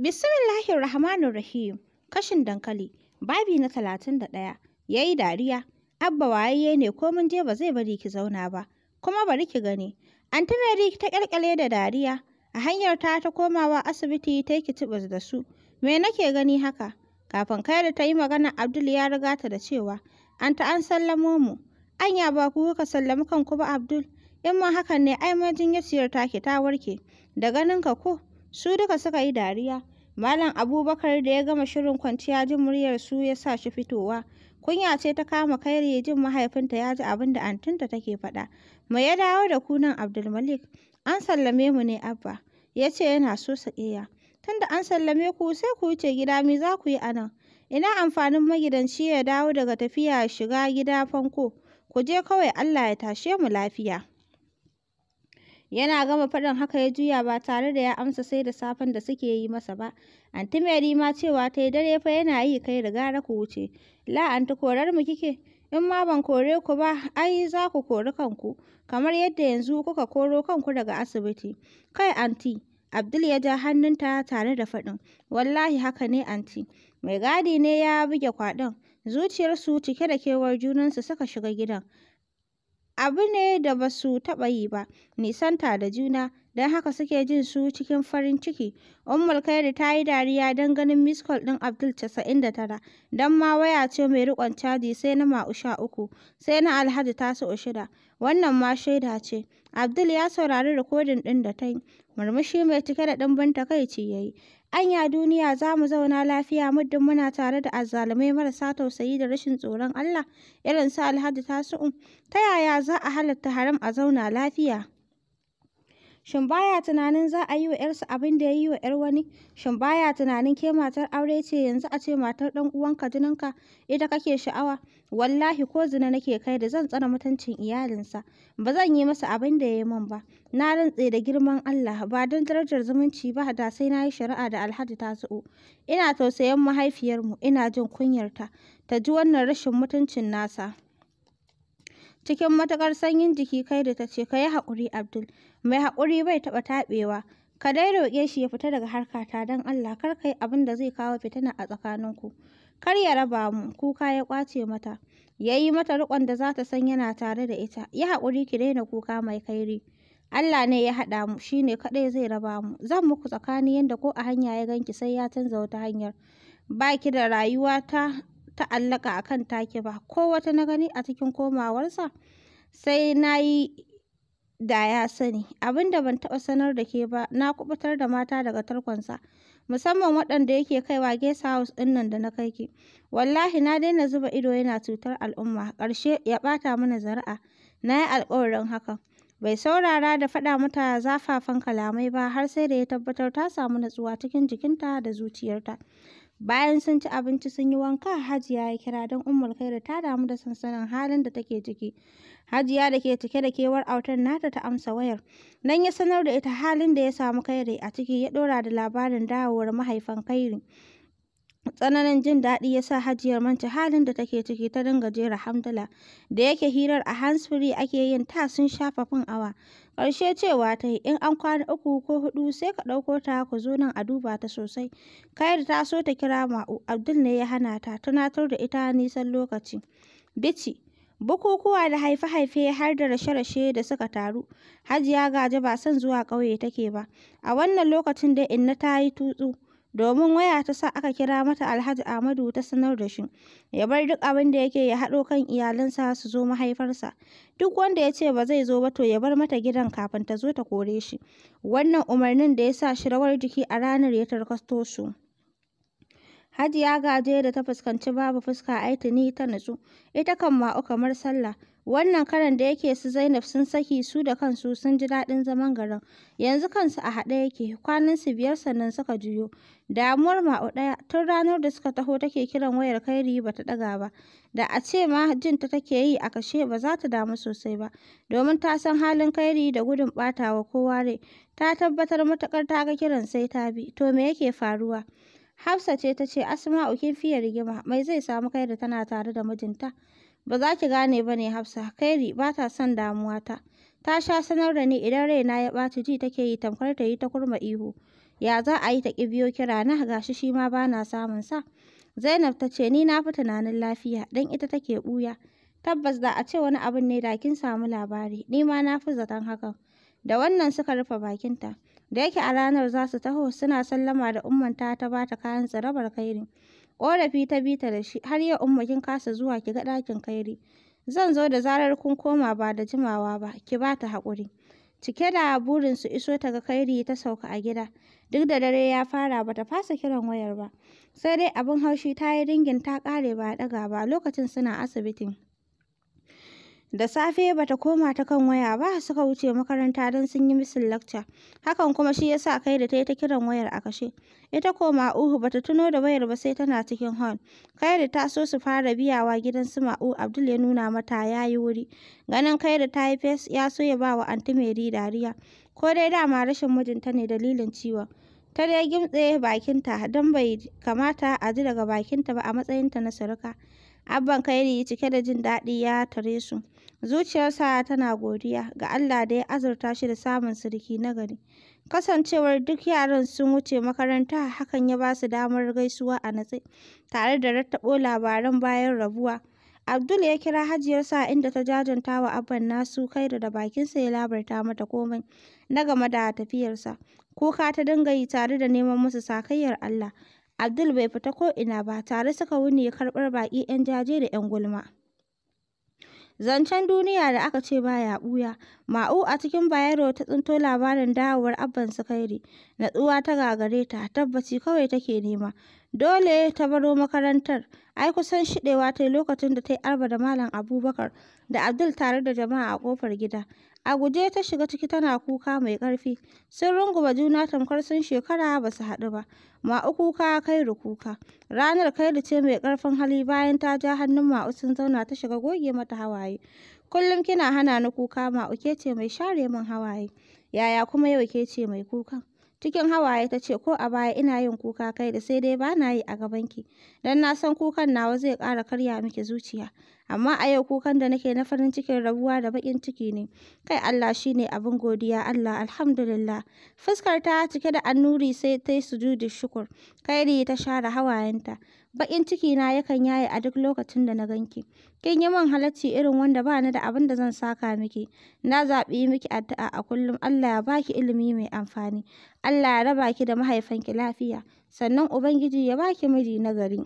Bismillahir Rahmanir Rahim. Kashin dankali, babi na talatin da ɗaya. Ya yi dariya. Abba wayayye ne ko mun je ba zai bari ki zauna ba. Kuma bari ki gani. Anti Mary ta ƙyalƙyale da dariya. A hanyar ta ta komawa asibiti ta yi kitibus da su. Me nake gani haka? Kafin kai da ta yi magana Abdul ya riga ta da cewa Anta an sallamo mu. Anya ba ku kuka sallami kanku ba Abdul. In ma hakan ne ai majinyaciyar take ta warke. Da ganin ka ko? Su duka suka yi dariya. Malam Abubakar da ya gama shirin kwanciya jin muryar su ya sa shi fitowa. Kunya ce ta kama kairi jin mahaifinta ya ji abin da antinta take faɗa. Mai ya dawo da kunan Abdulmalik. An sallame mu ne Abba. Ya ce yana so saƙiya. Tunda an sallame ku sai ku wuce gida me za ku yi a Ina amfanin magidanci ya dawo daga tafiya shiga gida fanko. Ku je kawai Allah ya tashe mu lafiya. Yana gama faɗin haka ya juya ba tare da ya amsa sai da safen da suke yi masa ba. Anti Mary ma cewa ta yi dare fa yana yi kai da gara ku wuce. La anti korar mu kike? In ma ban kore ku ba, ai za ku kori kanku, kamar yadda yanzu kuka koro kanku daga asibiti. Kai anti, Abdul ya ja hannunta tare da faɗin, wallahi haka ne anti. Mai gadi ne ya buge kwaɗon, zuciyarsu cike da kewar junansu suka shiga gidan. abu ne da ba su taɓa yi ba, nisanta da juna don haka suke jin su cikin farin ciki. Ummul Khairi ta yi dariya don ganin miss call ɗin Abdul 99 don ma waya ce mai riƙon caji sai na ma'usha uku sai na Alhaji ta su shida. Wannan ma shaida ce. Abdul ya saurari rikodin ɗin da ta yi. Murmushi mai cike da ɗimbin takaici ya yi. Anya duniya za mu zauna lafiya muddin muna tare da azzalumai marasa tausayi da rashin tsoron Allah irin su Alhaji su'un. Ta yaya za a halatta haram a zauna lafiya? Shin baya tunanin za a yi wa 'yarsa abin da ya yi wa 'yar wani? Shin baya tunanin ke matar aure ce yanzu a ce matar ɗan uwanka jininka ita kake sha'awa? Wallahi ko zina nake kai da zan tsare mutuncin iyalinsa. Ba zan yi masa abin da ya yi min ba. Na rantse da girman Allah ba don darajar zumunci ba da sai na yi shari'a da Alhaji ta Tasu'u. Ina tausayin mahaifiyarmu ina jin kunyarta ta ji wannan rashin mutuncin nasa. cikin matuƙar sanyin jiki kai da ta ce ka yi haƙuri Abdul, mai haƙuri bai taɓa taɓewa. Ka dai roƙe shi ya fita daga harkata don Allah kar ka yi abin da zai kawo fitina a tsakaninku. Kar ya raba mu, kuka ya kwace mata. Ya yi mata riƙon da za ta san yana tare da ita. Yi haƙuri ki daina kuka mai kairi. Allah ne ya haɗa mu, shi ne kaɗai zai raba mu. Zan muku tsakani yadda ko a hanya ya ganki sai ya canza wata hanyar. Ba ki da rayuwa ta ta'allaka a kan take ba ko wata na gani a cikin komawarsa sai na yi da ya sani abinda ban taɓa sanar da ke ba na kubutar da mata daga tarkonsa musamman waɗanda yake kaiwa gesa house ɗin nan da na kai ki wallahi na daina zuba ido yana cutar al'umma ƙarshe ya ɓata mana zara'a na yi alƙawarin hakan bai saurara da faɗa mata zafafan kalamai ba har sai da ya tabbatar ta samu natsuwa cikin jikinta da zuciyarta Bayan sun ci abinci sun yi wanka, Hajiya ya kira don Ummul Khairu ta damu da sansanin halin da take ciki. Hajiya da ke cike da kewar autar nata ta amsa wayar. Nan ya sanar da ita halin da ya samu kairi a ciki ya ɗora da labarin dawowar mahaifan kairi. Tsananin jin daɗi ya sa Hajiyar manta halin da take ciki ta dinga jera hamdala. Da yake hirar a hands-free ake yin ta sun shafa fin awa. Ƙarshe cewa ta in an kwana uku ko hudu sai ka ɗauko ta ku zo nan a duba ta sosai. da ta so ta kira Ma'u, Abdul ne ya hana ta, tunatar da ita nisan lokaci. Bici, bukukuwa da haife-haife har da rashe-rashe da suka taru. Hajiya gaje ba son zuwa ƙauye take ba. A wannan lokacin dai Inna ta yi tutsu. domin waya ta sa aka kira mata Alhaji Ahmadu ta sanar da shi, ya bar duk abin da yake ya haɗo kan iyalansa su zo mahaifarsa. Duk wanda ya ce ba zai zo ba to ya bar mata gidan kafin ta zo ta kore shi. Wannan umarnin da ya sa shi rawar jiki a ranar ya tarkasto su. Hajiya gaje da ta fuskanci babu fuska ai tuni ta nutsu, ita kan ma'u kamar sallah. Wannan karan da yake su Zainab sun saki su da kansu sun ji daɗin zaman garin. Yanzu kansu a haɗe yake, kwanan su biyar sannan suka juyo. Damuwar ma'u ɗaya tun ranar da suka taho take kiran wayar kairi ba ta ɗaga ba. Da a ce ma jin ta take yi a kashe ba za ta damu sosai ba. Domin ta san halin kairi da gudun ɓatawa kowa rai. Ta tabbatar matuƙar ta ga kiran sai ta bi. To me yake faruwa? Hafsa ce ta ce Asma'u kin fiye rigima, mai zai samu kai da tana tare da mijinta. Ba za ki gane ba ne Hafsa, Kairi ba ta son damuwata. Ta sha sanar da ni idan raina ya ɓaci ji take yi tamkar ta yi ta kurma ihu. Ya za a yi ta ƙi biyo kira na gashi shi ma ba na samun sa. Zainab ta ce ni na fi tunanin lafiya dan ita take ɓuya. Tabbas da a ce wani abin ne da kin samu labari, ni ma na fi zaton hakan. Da wannan suka rufe bakinta. Da yake a ranar za su taho suna sallama da ummanta ta ba ta kayan tsirabar kairi. ƙorafi ta bi ta da shi har yau umma kin kasa zuwa ki ga ɗakin kairi zan zo da zarar kun koma ba da jimawa ba ki ba ta haƙuri cike da burin su iso ta ga kairi ta sauka a gida duk da dare ya fara bata fasa kiran wayar ba sai dai abin haushi ta yi ringin ta ƙare ba a ɗaga ba lokacin suna asibitin Da safe bata koma ta kan waya ba suka wuce makaranta don sun yi misin lakca. Hakan kuma shi yasa kai da ta yi ta kiran wayar a kashe. Ita ko Ma'uhu bata tuno da wayar ba sai tana cikin hon. Kai da ta so su fara biyawa gidan su Ma'u Abdul ya nuna mata ya yi wuri. Ganin kai da ta yi fes ya so ya ba wa Anti Mary dariya. Ko dai dama rashin mijinta ne dalilin ciwon. ta dai gimtse bakinta don bai kamata a ji daga bakinta ba a matsayinta na suruka Abban Kairi cike da jin daɗi ya tare su. Zuciyarsa tana godiya ga Allah da ya azurta shi da samun sirki na gari. Kasancewar duk yaran sun wuce makaranta hakan ya ba su damar gaisuwa a natse tare da rattabo labaran bayan rabuwa. Abdul ya kira hajiyarsa inda ta jajanta wa abban nasu kai da bakinsa ya labarta mata komai na game da tafiyarsa. Kuka ta dinga yi tare da neman musu sakayyar Allah. Abdul bai fita ko ina ba, tare suka wuni ya karɓar baƙi 'yan jaje da 'yan gulma. Zancen duniya da aka ce baya ya ɓuya, Ma'u a cikin Bayero ta tsinto labarin dawowar Abban kairi, natsuwa ta gagare ta, tabbaci kawai take nema. Dole ta baro makarantar, ai kusan shiɗewa ta yi lokacin da ta yi arba da Malam Abubakar da Abdul tare da jama'a a ƙofar gida. A guje ta shiga ciki tana kuka mai ƙarfi. Sun runguma juna tamkar sun shekara ba su haɗu ba. Ma'u kuka Kairu kuka. Ranar Kairu ce mai ƙarfin hali bayan ta ja hannun Ma'u sun zauna ta shiga goge mata hawaye. Kullum kina hana ni kuka Ma'u ke ce mai share min hawaye. Yaya kuma yau ke ce mai kuka cikin hawaye ta ce ko a baya ina yin kuka kai da sai dai ba na yi a gabanki don na san kukan nawa zai ƙara karya miki zuciya amma a yau kukan da nake na farin cikin rabuwa da baƙin ciki ne kai Allah shine abin godiya Allah alhamdulillah fuskar ta cike da annuri sai ta yi sujudi shukur kairi ta share hawayenta baƙin ciki na yakan yaye a duk lokacin da na ganki kin yi min halacci irin wanda ba ni da abin da zan saka miki na zaɓi miki addu'a a kullum Allah ya baki ilimi mai amfani Allah ya raba ki da mahaifanki lafiya sannan ubangiji ya baki miji na gari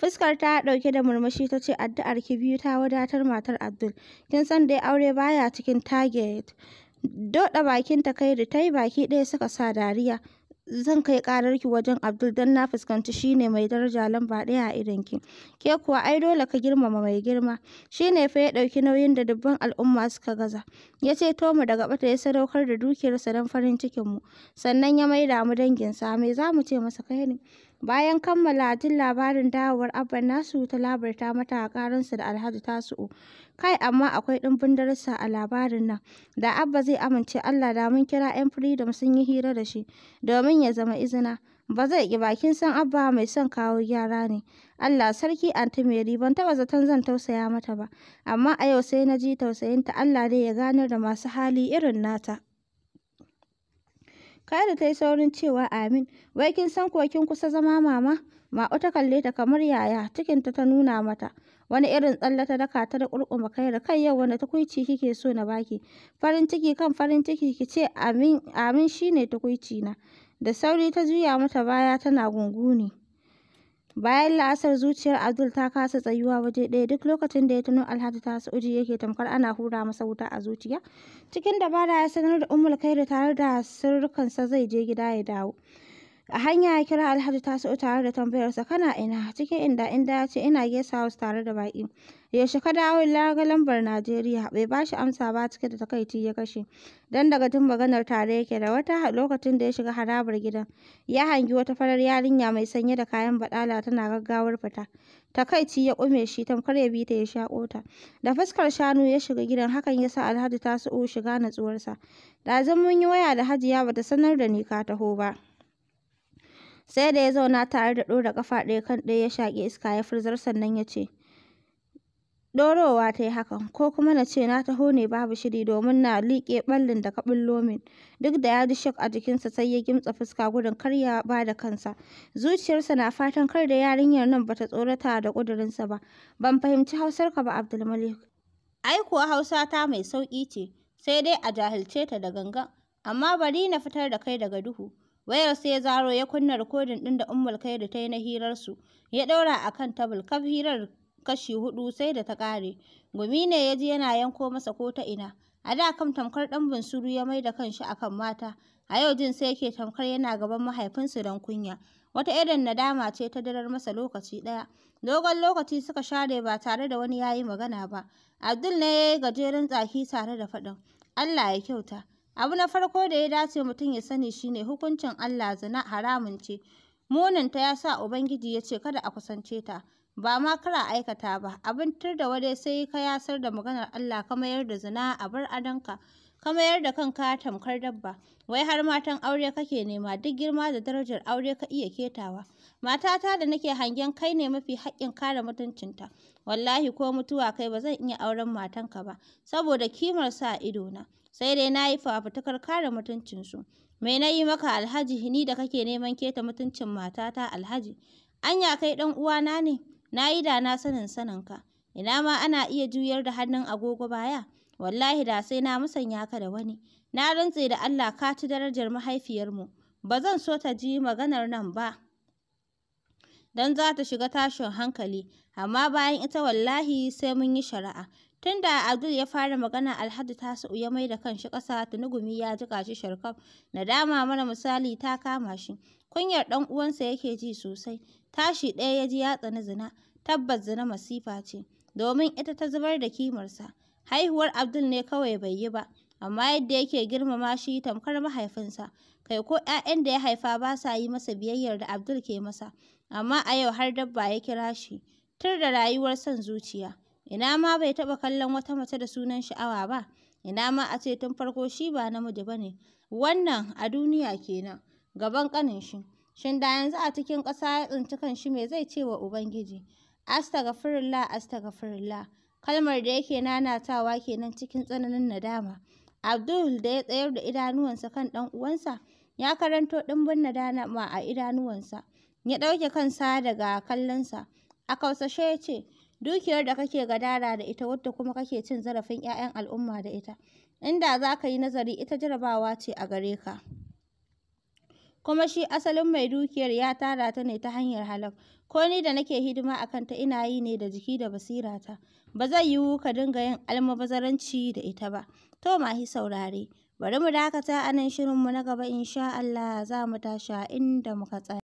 Fuskar ta ɗauke da murmushi ta ce addu'ar ki biyu ta wadatar matar Abdul. Kin san dai aure baya cikin target. Doda bakin ta kai da ta yi baki ɗaya suka sa dariya. Zan kai ƙararki wajen Abdul don na fuskanci shi ne mai daraja lamba ɗaya a ki Ke kuwa ai dole ka girmama mai girma. Shi ne fa ya ɗauki nauyin da dubban al'umma suka gaza. Ya ce to mu daga bata ya sadaukar da dukiyarsa don farin cikinmu. Sannan ya maida mu danginsa. Me za mu ce masa kai ne? Bayan kammala jin labarin dawowar Abban nasu ta labarta mata a karansu da Alhaji Tasu'u. Kai amma akwai ɗimbin darussa a labarin nan. Da Abba zai amince Allah da mun kira 'yan Freedom sun yi hira da shi domin ya zama izina. Ba zai ƙi bakin san Abba mai son kawo gyara ne. Allah sarki anti Mary ban taɓa zaton zan tausaya mata ba. Amma a yau sai na ji tausayinta Allah dai ya ganar da masu hali irin nata. kada ta yi saurin cewa amin. Wai kin san ko kin kusa zama mama? Ma'u ta kalle ta kamar yaya cikinta ta nuna mata. Wani irin tsalle ta daka ta da kurkuma kai da kai yau wanda tukuici kike so na baki. Farin ciki kan farin ciki ki ce amin amin shine tukuici na. Da sauri ta juya mata baya tana gunguni. Bayan la'asar zuciyar Abdul ta kasa tsayuwa waje ɗaya duk lokacin da ya tuno Alhaji ta Saudi yake tamkar ana hura masa wuta a zuciya. Cikin dabara ya sanar da Ummul da tare da sirrukansa zai je gida ya dawo. A hanya ya kira Alhaji Tasi'u tare da tambayarsa kana ina cikin inda inda ya ce ina gesa house tare da baƙi. yaushe ka dawo laga lambar Najeriya bai ba shi amsa ba cike da takaici ya kashe dan daga tun maganar tare yake da wata lokacin da ya shiga harabar gidan ya hangi wata farar yarinya mai sanye da kayan badala tana gaggawar fita takaici ya kume shi tamkar ya bi ta ya shako ta da fuskar shanu ya shiga gidan hakan ya sa Alhaji ta Tasu'u shiga natsuwarsa ɗazun mun yi waya da Hajiya bata sanar da ni ka taho ba sai da ya zauna tare da ɗora kafa ɗaya kan ɗaya ya shaƙi iska ya furzar sannan ya ce ɗorowa ta yi hakan, ko kuma na ce na taho ne babu shiri domin na liƙe ɓallin da ka ɓullo Duk da ya ji shak a jikinsa sai ya gimtsa fuska gudun kar ya ba da kansa. Zuciyarsa na fatan kar da yarinyar nan bata tsorata da ƙudurinsa ba. Ban fahimci hausarka ba Abdulmalik. Ai kuwa Hausa ta mai sauƙi ce, sai dai a jahilce ta da ganga Amma bari na fitar da kai daga duhu. Wayar sai Zaro ya kunna rikodin ɗin da Ummul da ta yi na hirarsu, ya ɗaura a kan tabul, kaf hirar kashi hudu sai da ta ƙare. Gumi ne ya ji yana yanko masa ko ta ina. A da kam tamkar ɗan bunsuru ya mai da kanshi akan mata. A yau jin sai yake tamkar yana gaban mahaifinsu don kunya. Wata irin nadama ce ta darar masa lokaci ɗaya. Dogon lokaci suka share ba tare da wani yayi magana ba. Abdul ne ya yi gajeren tsaki tare da faɗin. Allah ya kyauta. Abu na farko da ya dace mutum ya sani shine hukuncin Allah zina haramun ce. Munanta ya sa Ubangiji ya ce kada a kusance ta. ba ma kara aikata ba abin tur da wadai sai ka yasar da maganar Allah ka mayar da zina a bar adanka ka mayar da kanka tamkar dabba wai har matan aure kake nema duk girma da darajar aure ka iya ketawa matata da nake hangen kai ne mafi haƙƙin kare mutuncinta wallahi ko mutuwa kai ba zan iya auren matanka ba saboda kimar sa ido na sai dai na yi fafutukar kare mutuncinsu me na yi maka alhaji ni da kake neman keta mutuncin matata alhaji anya kai ɗan uwana ne na yi da na sanin saninka, ina ma ana iya juyar da hannun agogo baya, wallahi da sai na musanya ka da wani, na rantse da Allah ka ci darajar mahaifiyarmu, ba zan so ta ji maganar nan ba. Don za ta shiga tashin hankali, amma bayan ita wallahi sai mun yi shari'a. Tun da Abdul ya fara magana Alhaji ta ya mai da kanshi ƙasa tunugumi ya jiƙa shi sharkaf, nadama mana misali ta kama shi, kunyar ɗan uwansa yake ji sosai, Tashi ɗaya ya ji ya tsani zina, tabbas zina masifa ce, domin ita ta zubar da kimarsa. Haihuwar Abdul ne kawai bai yi ba, amma yadda yake girmama shi tamkar mahaifinsa, kai ko ‘ya'yan da ya haifa ba sa yi masa biyayyar da Abdul ke masa, amma a yau har dabba ya kira shi, tur da rayuwar son zuciya. Ina ma bai taɓa kallon wata mace da sunan sha'awa ba, ina ma a ce tun farko shi ba namiji ba ne, wannan a duniya kenan, gaban ƙanin shi. Shin da yanzu a cikin ƙasa ya tsinci shi me zai ce wa Ubangiji? Astaghfirullah, astaghfirullah. Kalmar da yake nanatawa kenan cikin tsananin nadama. Abdul da ya tsayar da idanuwansa kan ɗan uwansa, ya karanto ɗimbin nadama a idanuwansa. Ya ɗauke kansa daga kallonsa. A kausashe ya ce, dukiyar da kake gadara da ita wadda kuma kake cin zarafin 'ya'yan al'umma da ita. Inda za ka yi nazari ita jarabawa ce a gare ka. kuma shi asalin mai dukiyar ya tara ta ne ta hanyar halak ko ni da nake hidima a kanta ina yi ne da jiki da basira ta ba zai yiwu ka dinga yin almabazaranci da ita ba to mahi saurare bari mu dakata anan shirinmu na gaba insha Allah za mu tashi inda muka tsaya